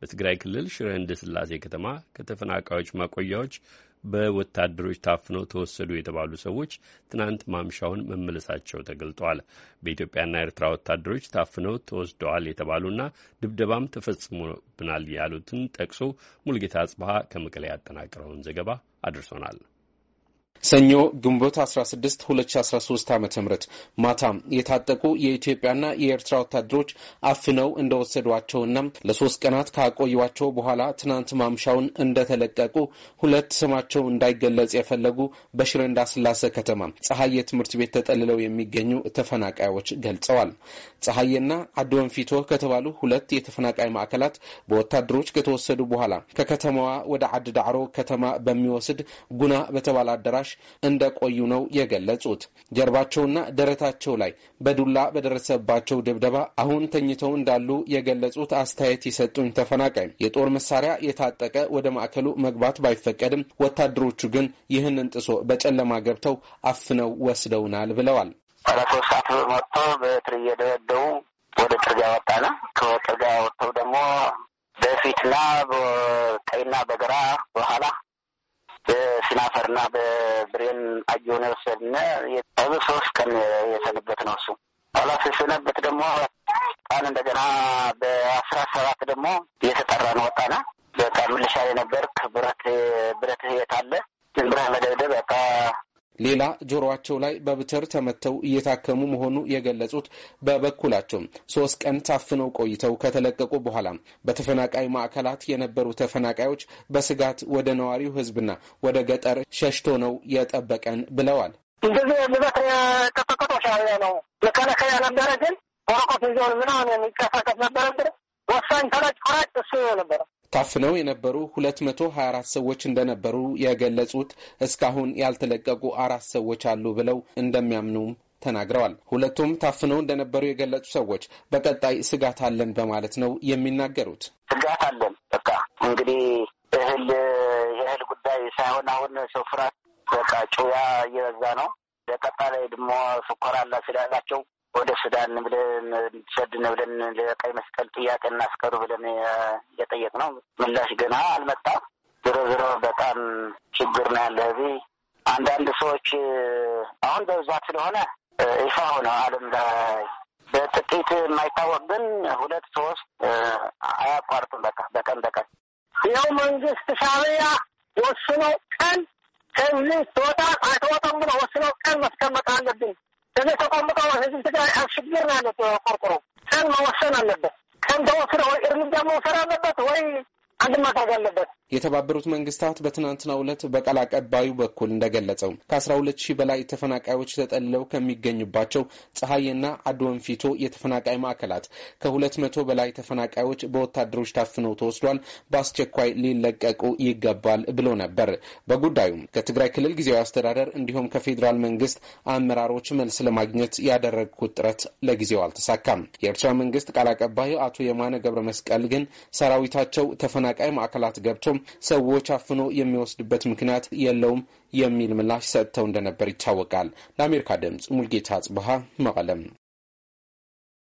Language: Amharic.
በትግራይ ክልል ሽረ ስላሴ ከተማ ከተፈናቃዮች ማቆያዎች በወታደሮች ታፍነው ተወሰዱ የተባሉ ሰዎች ትናንት ማምሻውን መመለሳቸው ተገልጧል። በኢትዮጵያና ኤርትራ ወታደሮች ታፍነው ተወስደዋል የተባሉና ድብደባም ተፈጽሞብናል ያሉትን ጠቅሶ ሙልጌታ አጽበሀ ከመቀለ ያጠናቀረውን ዘገባ አድርሶናል። ሰኞ ግንቦት 16 2013 ዓ ም ማታ የታጠቁ የኢትዮጵያና የኤርትራ ወታደሮች አፍነው እንደወሰዷቸውና ለሶስት ቀናት ካቆዩቸው በኋላ ትናንት ማምሻውን እንደተለቀቁ ሁለት ስማቸው እንዳይገለጽ የፈለጉ በሽረ እንዳስላሴ ከተማ ፀሐየ ትምህርት ቤት ተጠልለው የሚገኙ ተፈናቃዮች ገልጸዋል። ፀሐየና ፊቶ ከተባሉ ሁለት የተፈናቃይ ማዕከላት በወታደሮች ከተወሰዱ በኋላ ከከተማዋ ወደ አድ ከተማ በሚወስድ ጉና በተባለ አዳራሽ ግማሽ እንደቆዩ ነው የገለጹት። ጀርባቸውና ደረታቸው ላይ በዱላ በደረሰባቸው ድብደባ አሁን ተኝተው እንዳሉ የገለጹት አስተያየት የሰጡኝ ተፈናቃይ የጦር መሳሪያ የታጠቀ ወደ ማዕከሉ መግባት ባይፈቀድም ወታደሮቹ ግን ይህንን ጥሶ በጨለማ ገብተው አፍነው ወስደውናል ብለዋል። ባለሶስት ሰዓት መጥቶ በትር እየደበደቡ ወደ ጥርጋ ወጣነ። ከጥርጋ ወጥተው ደግሞ በፊትና በቀኝና በግራ በኋላ በስናፈርና በብሬን አየሆነ ወሰድነ የጣሉ ሶስት ቀን የሰንበት ነው እሱ ኋላ ስሰነበት ደግሞ ጣን እንደገና በአስራ ሰባት ደግሞ እየተጠራን ወጣና በቃ ምልሻ የነበርክ ብረት ብረት ህየት አለ ሌላ ጆሮአቸው ላይ በብትር ተመተው እየታከሙ መሆኑ የገለጹት በበኩላቸው ሶስት ቀን ታፍነው ቆይተው ከተለቀቁ በኋላ በተፈናቃይ ማዕከላት የነበሩ ተፈናቃዮች በስጋት ወደ ነዋሪው ሕዝብና ወደ ገጠር ሸሽቶ ነው የጠበቀን ብለዋል። እንደዚህ ብዛት የቀሰቀጠው ሻዕቢያ ነው። መከላከያ ነበረ፣ ግን ወረቀት ይዞ ምናምን የሚቀሳቀስ ነበረብን። ወሳኝ ተለጭ ቆራጭ እሱ ነበረ። ታፍነው የነበሩ 224 ሰዎች እንደነበሩ የገለጹት እስካሁን ያልተለቀቁ አራት ሰዎች አሉ ብለው እንደሚያምኑም ተናግረዋል። ሁለቱም ታፍነው እንደነበሩ የገለጹ ሰዎች በቀጣይ ስጋት አለን በማለት ነው የሚናገሩት። ስጋት አለን በቃ እንግዲህ እህል የእህል ጉዳይ ሳይሆን አሁን ሰው ፍራት በቃ ጩያ እየበዛ ነው። በቀጣይ ደግሞ ስኮር አለ ስላላቸው ወደ ሱዳን ብለን እንዲሰድን ብለን ለቀይ መስቀል ጥያቄ እናስቀሩ ብለን ነው ምላሽ ገና አልመጣም። ዝሮ ዝሮ በጣም ችግር ነው ያለ እዚህ አንዳንድ ሰዎች አሁን በብዛት ስለሆነ ይፋ ሆነ ዓለም ላይ በጥቂት የማይታወቅ ግን ሁለት ሶስት አያቋርጡም። በቃ በቀን በቀን ይኸው መንግስት ሻዕቢያ ወስኖ ቀን ከዚህ ትወጣ አትወጣም ብሎ ወስኖ ቀን ማስቀመጥ አለብን በዚህ ተቀምጠው ህዝብ ትግራይ አስቸግር ያለት ቆርቆሮ ሰን መወሰን አለበት። ሰን ወይ እርምጃ መውሰድ አለበት ወይ አንድ ማድረግ አለበት። የተባበሩት መንግስታት በትናንትናው ዕለት በቃል አቀባዩ በኩል እንደገለጸው ከ12 ሺህ በላይ ተፈናቃዮች ተጠልለው ከሚገኙባቸው ፀሐይና አድወንፊቶ የተፈናቃይ ማዕከላት ከ200 በላይ ተፈናቃዮች በወታደሮች ታፍነው ተወስዷል፣ በአስቸኳይ ሊለቀቁ ይገባል ብሎ ነበር። በጉዳዩም ከትግራይ ክልል ጊዜያዊ አስተዳደር እንዲሁም ከፌዴራል መንግስት አመራሮች መልስ ለማግኘት ያደረግኩት ጥረት ለጊዜው አልተሳካም። የኤርትራ መንግስት ቃል አቀባዩ አቶ የማነ ገብረ መስቀል ግን ሰራዊታቸው ተፈናቃይ ማዕከላት ገብቶ ቢኖርም ሰዎች አፍኖ የሚወስድበት ምክንያት የለውም የሚል ምላሽ ሰጥተው እንደነበር ይታወቃል። ለአሜሪካ ድምጽ ሙልጌታ አጽብሃ መቀለም